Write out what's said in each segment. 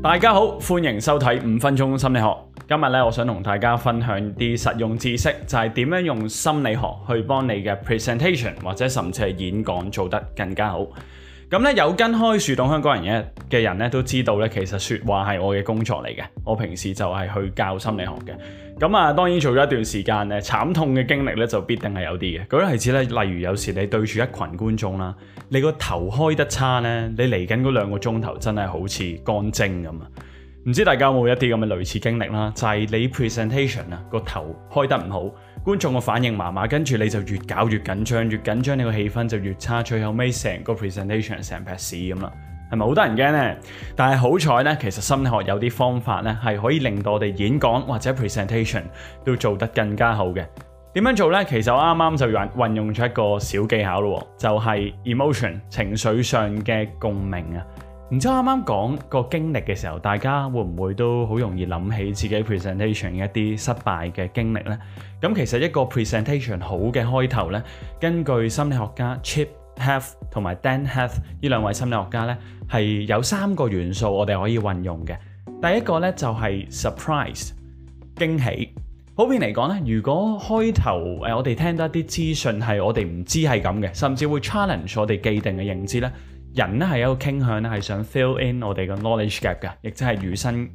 大家好，歡迎收睇五分鐘心理學。今日咧，我想同大家分享啲實用知識，就係點樣用心理學去幫你嘅 presentation 或者甚至係演講做得更加好。咁咧，有跟開樹洞香港人嘅嘅人咧都知道咧，其實說話係我嘅工作嚟嘅，我平時就係去教心理學嘅。咁啊，當然做咗一段時間咧，慘痛嘅經歷咧就必定係有啲嘅。舉例子咧，例如有時你對住一群觀眾啦，你個頭開得差咧，你嚟緊嗰兩個鐘頭真係好似乾蒸咁啊！唔知大家有冇一啲咁嘅類似經歷啦？就係你 presentation 啊，個頭開得唔好。觀眾個反應麻麻，跟住你就越搞越緊張，越緊張你個氣氛就越差，最後尾成個 presentation 成劈屎咁啦，係咪好得人驚呢？但係好彩呢，其實心理學有啲方法呢，係可以令到我哋演講或者 presentation 都做得更加好嘅。點樣做呢？其實我啱啱就運運用咗一個小技巧咯，就係 emotion 情緒上嘅共鳴啊！然之後啱啱講個經歷嘅時候，大家會唔會都好容易諗起自己 presentation 嘅一啲失敗嘅經歷呢？咁其實一個 presentation 好嘅開頭呢，根據心理學家 Chip Heath 同埋 Dan Heath 呢兩位心理學家呢，係有三個元素我哋可以運用嘅。第一個呢，就係 surprise，驚喜。普遍嚟講呢，如果開頭誒我哋聽到一啲資訊係我哋唔知係咁嘅，甚至會 challenge 我哋既定嘅認知呢。人咧係有個傾向咧，係想 fill in 我哋嘅 knowledge gap 嘅，亦即係與生誒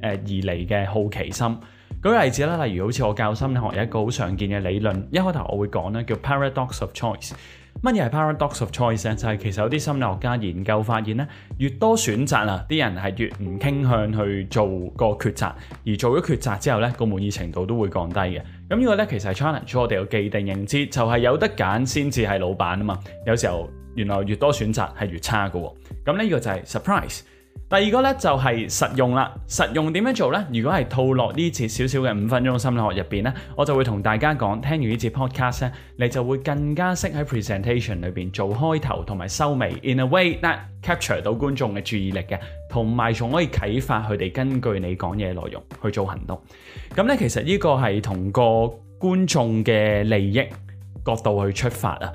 而嚟嘅好奇心。舉例子啦，例如好似我教心理學有一個好常見嘅理論，一開頭我會講咧叫 paradox of choice。乜嘢係 paradox of choice 呢？就係、是、其實有啲心理學家研究發現咧，越多選擇啊，啲人係越唔傾向去做個決策，而做咗決策之後咧，個滿意程度都會降低嘅。咁呢個咧其實係 challenge 我哋嘅既定認知，就係、是、有得揀先至係老闆啊嘛。有時候原來越多選擇係越差嘅喎，咁咧呢個就係 surprise。第二個呢就係、是、實用啦，實用點樣做呢？如果係套落呢節少少嘅五分鐘心理學入面呢，我就會同大家講，聽完呢節 podcast 呢，你就會更加識喺 presentation 裏面做開頭同埋收尾，in a way that capture 到觀眾嘅注意力嘅，同埋仲可以啟發佢哋根據你講嘢內容去做行動。咁呢，其實呢個係同個觀眾嘅利益角度去出發啊。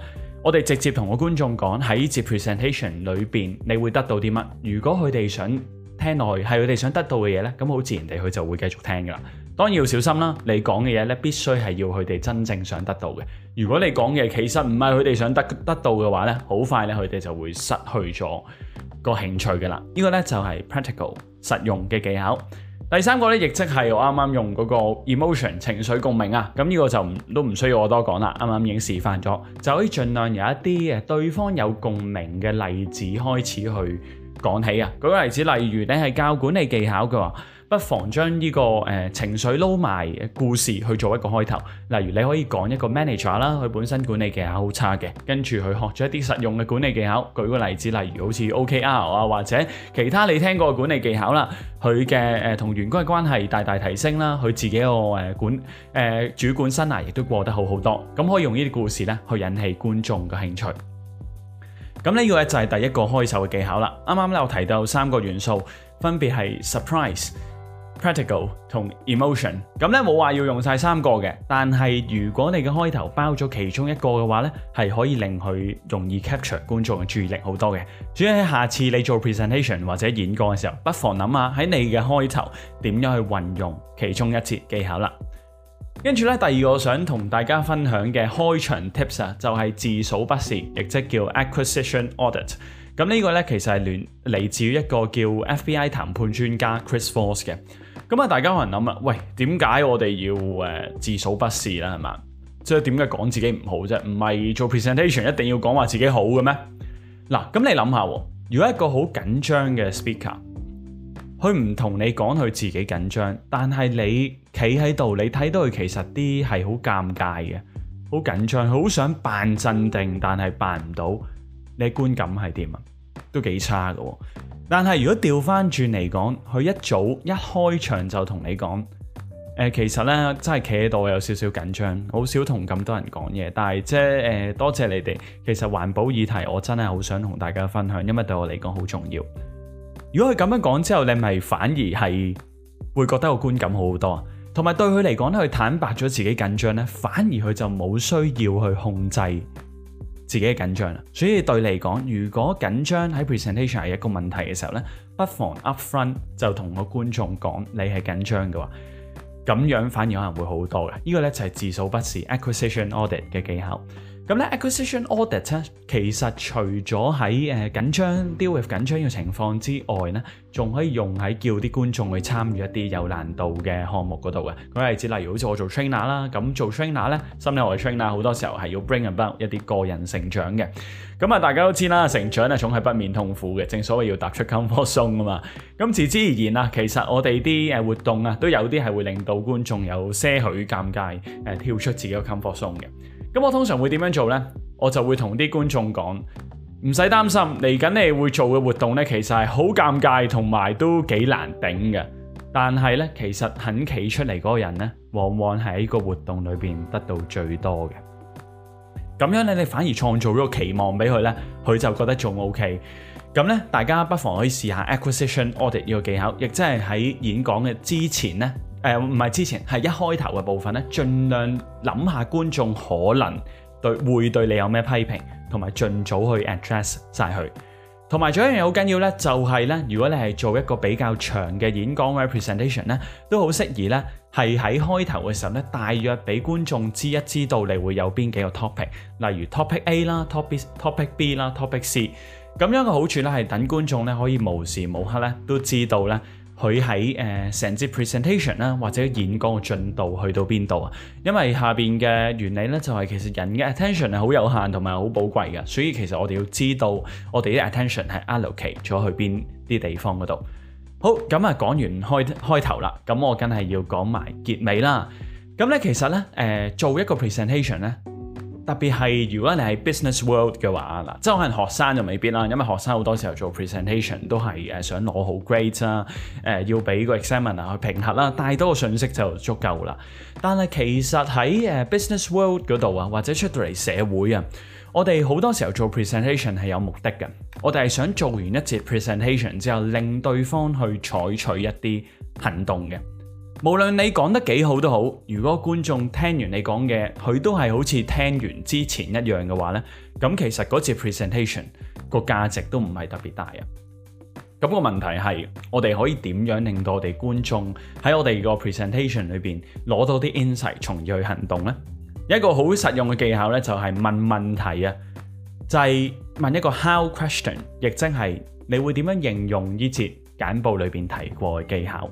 我哋直接同個觀眾講喺呢節 presentation 裏邊，你會得到啲乜？如果佢哋想聽落去，係佢哋想得到嘅嘢呢，咁好自然地佢就會繼續聽噶啦。當然要小心啦，你講嘅嘢呢，必須係要佢哋真正想得到嘅。如果你講嘅其實唔係佢哋想得得到嘅話呢，好快呢，佢哋就會失去咗個興趣噶啦。呢個呢，就係 practical 實用嘅技巧。第三個亦即係我啱啱用嗰個 emotion 情緒共鳴啊，咁呢個就唔都唔需要我多講啦。啱啱已經示範咗，就可以盡量由一啲對方有共鳴嘅例子開始去講起啊。舉個例子，例如你係教管理技巧嘅話。不妨將呢個、呃、情緒撈埋故事去做一個開頭，例如你可以講一個 manager 啦，佢本身管理技巧好差嘅，跟住佢學咗一啲實用嘅管理技巧。舉個例子，例如好似 OKR 啊，或者其他你聽過嘅管理技巧啦，佢嘅誒同員工嘅關係大大大提升啦，佢自己個、呃、管、呃、主管生涯亦都過得好好多。咁可以用呢啲故事咧去引起觀眾嘅興趣。咁呢個咧就係第一個開頭嘅技巧啦。啱啱咧我提到三個元素，分別係 surprise，practical 同 emotion 咁咧，冇話要用晒三個嘅，但係如果你嘅開頭包咗其中一個嘅話咧，係可以令佢容易 capture 觀眾嘅注意力好多嘅。至於喺下次你做 presentation 或者演講嘅時候，不妨諗下喺你嘅開頭點樣去運用其中一節技巧啦。跟住咧，第二個想同大家分享嘅開場 tips 啊，就係、是、自數不是，亦即叫 acquisition audit。咁呢個咧其實係聯嚟自於一個叫 FBI 談判專家 Chris Voss 嘅。咁啊，大家可能諗啊，喂，點解我哋要誒自數不是啦，係嘛？即係點解講自己唔好啫？唔係做 presentation 一定要講話自己好嘅咩？嗱，咁你諗下，如果一個好緊張嘅 speaker，佢唔同你講佢自己緊張，但係你企喺度，你睇到佢其實啲係好尷尬嘅，好緊張，好想扮鎮定，但係扮唔到，你觀感係點啊？都幾差㗎。但係如果調翻轉嚟講，佢一早一開場就同你講，誒、呃，其實咧真係企喺度有少少緊張，好少同咁多人講嘢。但係即係誒，多謝你哋。其實環保議題我真係好想同大家分享，因為對我嚟講好重要。如果佢咁樣講之後，你咪反而係會覺得個觀感好好多，同埋對佢嚟講咧，佢坦白咗自己緊張咧，反而佢就冇需要去控制。自己嘅緊張啦，所以對嚟講，如果緊張喺 presentation 係一個問題嘅時候咧，不妨 upfront 就同個觀眾講你係緊張嘅話，咁樣反而可能會好多嘅。呢個咧就係自訴不恃 acquisition audit 嘅技巧。咁咧 acquisition audit 咧、啊，其實除咗喺緊張 deal with 緊張嘅情況之外咧，仲可以用喺叫啲觀眾去參與一啲有難度嘅項目嗰度嘅。舉例子例如好似我做 trainer 啦，咁做 trainer 咧，心理學嘅 trainer 好多時候係要 bring about 一啲個人成長嘅。咁啊，大家都知啦，成長啊總係不免痛苦嘅，正所謂要踏出 comfort zone 啊嘛。咁自之而言啊，其實我哋啲呃活動啊，都有啲係會令到觀眾有些許尷尬、呃，跳出自己個 comfort zone 嘅。咁我通常會點樣做呢？我就會同啲觀眾講，唔使擔心，嚟緊你會做嘅活動呢，其實係好尷尬，同埋都幾難頂嘅。但係呢，其實肯企出嚟嗰個人呢，往往係喺個活動裏邊得到最多嘅。咁樣咧，你反而創造咗個期望俾佢呢，佢就覺得仲 OK。咁呢，大家不妨可以試下 Acquisition Audit 呢個技巧，亦即係喺演講嘅之前呢。誒唔係之前係一開頭嘅部分咧，盡量諗下觀眾可能對會對你有咩批評，同埋盡早去 address 曬佢。同埋仲有一樣嘢好緊要咧，就係咧，如果你係做一個比較長嘅演講 presentation 咧，都好適宜咧，係喺開頭嘅時候咧，大約俾觀眾知一知道你會有邊幾個 topic，例如 topic A 啦，topic topic B 啦，topic C。咁樣嘅好處咧，係等觀眾咧可以無時無刻咧都知道咧。佢喺誒成節 presentation 啦，或者演講嘅進度去到邊度啊？因為下邊嘅原理咧，就係、是、其實人嘅 attention 係好有限同埋好寶貴嘅，所以其實我哋要知道我哋啲 attention 係 allocate 咗去邊啲地方嗰度。好，咁、嗯、啊講完開開頭啦，咁、嗯、我梗係要講埋結尾啦。咁、嗯、咧其實咧、呃、做一個 presentation 咧。特別係如果你係 business world 嘅話，嗱，即係可能學生就未必啦，因為學生好多時候做 presentation 都係想攞好 grade 啦、呃，要俾個 examiner 去評核啦，帶多個信息就足夠啦。但係其實喺 business world 度啊，或者出到嚟社會啊，我哋好多時候做 presentation 係有目的嘅，我哋係想做完一節 presentation 之後，令對方去採取一啲行動嘅。無論你講得幾好都好，如果觀眾聽完你講嘅，佢都係好似聽完之前一樣嘅話呢。咁其實嗰節 presentation 個價值都唔係特別大啊。咁個問題係我哋可以點樣令到我哋觀眾喺我哋個 presentation 裏邊攞到啲 insight，從而去行動呢？一個好實用嘅技巧呢，就係問問題啊，就係問一個 how question，亦即係你會點樣形容呢節簡報裏邊提過嘅技巧？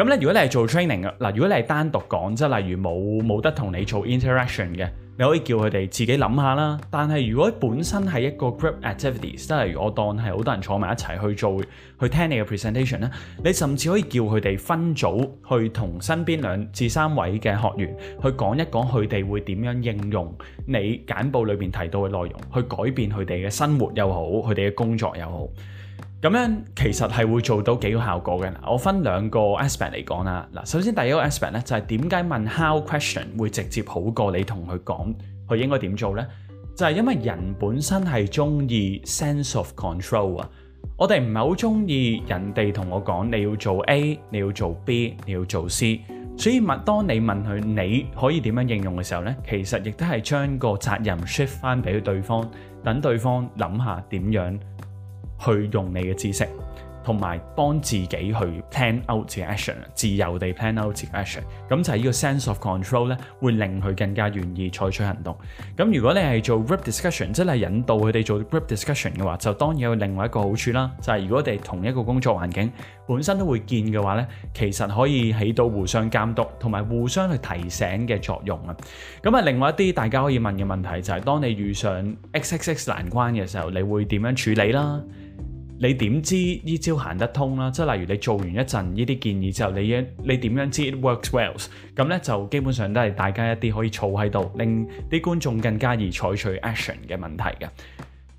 咁咧，如果你係做 training 嘅，嗱，如果你係單獨講即係例如冇冇得同你做 interaction 嘅，你可以叫佢哋自己諗下啦。但係如果本身係一個 group activities，即係例如我當係好多人坐埋一齊去做去聽你嘅 presentation 咧，你甚至可以叫佢哋分組去同身邊兩至三位嘅學員去講一講佢哋會點樣應用你簡報裏邊提到嘅內容去改變佢哋嘅生活又好，佢哋嘅工作又好。咁樣其實係會做到幾個效果嘅。我分兩個 aspect 嚟講啦。嗱，首先第一個 aspect 呢就係點解問 how question 會直接好過你同佢講佢應該點做呢？就係因為人本身係中意 sense of control 啊。我哋唔係好中意人哋同我講你要做 A，你要做 B，你要做 C。所以問，當你問佢你可以點樣應用嘅時候呢，其實亦都係將個責任 shift 翻俾對方，等對方諗下點樣。去用你嘅知識，同埋幫自己去 plan out action，自由地 plan out action，咁就係呢個 sense of control 咧，會令佢更加願意採取行動。咁如果你係做 group discussion，即係引導佢哋做 group discussion 嘅話，就當然有另外一個好處啦，就係、是、如果佢哋同一個工作環境本身都會見嘅話咧，其實可以起到互相監督同埋互相去提醒嘅作用啊。咁啊，另外一啲大家可以問嘅問題就係、是，當你遇上 X X X 難關嘅時候，你會點樣處理啦？你點知呢招行得通啦？即係例如你做完一陣呢啲建議之後，你一你點樣知 it works well 咁咧？就基本上都係大家一啲可以儲喺度，令啲觀眾更加易採取 action 嘅問題嘅。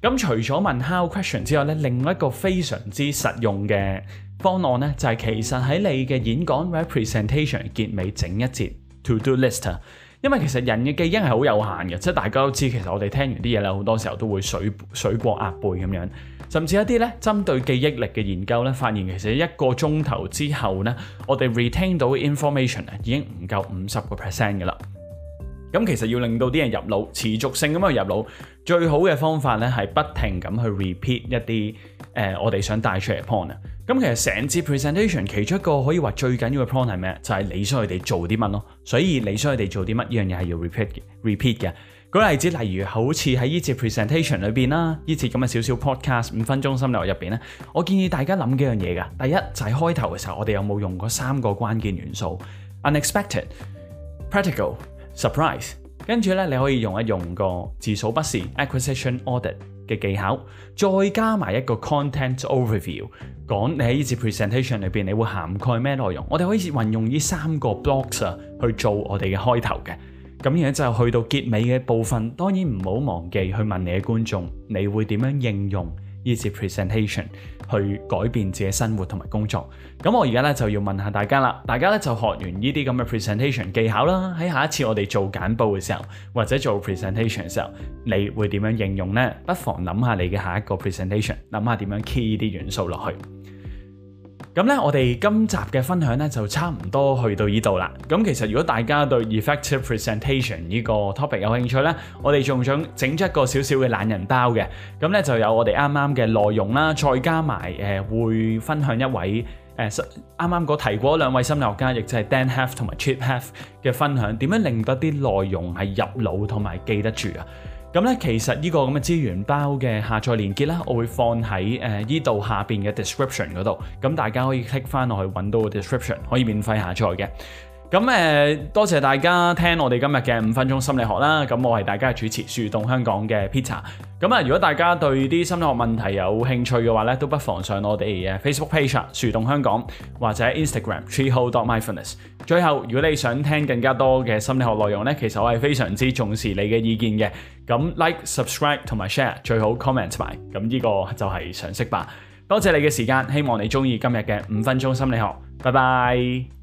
咁除咗問 how question 之外咧，另外一個非常之實用嘅方案咧，就係其實喺你嘅演講 representation 結尾整一節 to do list。因為其實人嘅記憶係好有限嘅，即係大家都知，其實我哋聽完啲嘢咧，好多時候都會水水過鴨背咁樣，甚至一啲咧針對記憶力嘅研究咧，發現其實一個鐘頭之後咧，我哋 retain 到 information 啊，已經唔夠五十個 percent 嘅啦。咁其實要令到啲人入腦，持續性咁去入腦，最好嘅方法咧係不停咁去 repeat 一啲誒、呃、我哋想帶出嚟嘅 point。咁其實成節 presentation，其中一個可以話最緊要嘅 point 係咩？就係你想佢哋做啲乜咯。所以你想佢哋做啲乜？呢樣嘢係要 repeat，repeat 嘅。舉個例子，例如好似喺呢節 presentation 裏面啦，呢節咁嘅小小 podcast 五分鐘心理學入邊咧，我建議大家諗幾樣嘢嘅。第一就係開頭嘅時候，我哋有冇用過三個關鍵元素 unexpected、practical、surprise？跟住咧，你可以用一用個字數不是 acquisition audit。嘅技巧，再加埋一個 content overview，講你喺呢次 presentation 裏面，你會涵蓋咩內容，我哋可以運用呢三個 blocks 去做我哋嘅開頭嘅。咁樣就去到結尾嘅部分，當然唔好忘記去問你嘅觀眾，你會點樣應用依啲 presentation 去改變自己生活同埋工作，咁我而家咧就要問下大家啦，大家咧就學完呢啲咁嘅 presentation 技巧啦，喺下一次我哋做簡報嘅時候，或者做 presentation 嘅時候，你會點樣應用呢？不妨諗下你嘅下一個 presentation，諗下點樣 key 啲元素落去。咁咧，我哋今集嘅分享咧就差唔多去到呢度啦。咁其實如果大家對 effective presentation 呢個 topic 有興趣咧，我哋仲想整出一個少少嘅懶人包嘅。咁咧就有我哋啱啱嘅內容啦，再加埋誒會分享一位誒啱啱嗰提過兩位心理學家，亦即係 Dan Heath 同埋 Chip Heath 嘅分享，點樣令到啲內容係入腦同埋記得住啊！咁咧，其實呢個咁嘅資源包嘅下載連結咧，我會放喺誒依度下邊嘅 description 嗰度，咁大家可以 click 翻落去揾到個 description，可以免費下載嘅。咁誒、呃，多謝大家聽我哋今日嘅五分鐘心理學啦。咁我係大家嘅主持樹洞香港嘅 Peter。咁啊，如果大家對啲心理學問題有興趣嘅話咧，都不妨上我哋嘅 Facebook page 樹洞香港或者 Instagram Treehole.MyFitness。最後，如果你想聽更加多嘅心理學內容咧，其實我係非常之重視你嘅意見嘅。咁 Like、Subscribe 同埋 Share 最好 Comment 埋。咁呢個就係常識吧。多謝你嘅時間，希望你中意今日嘅五分鐘心理學。拜拜。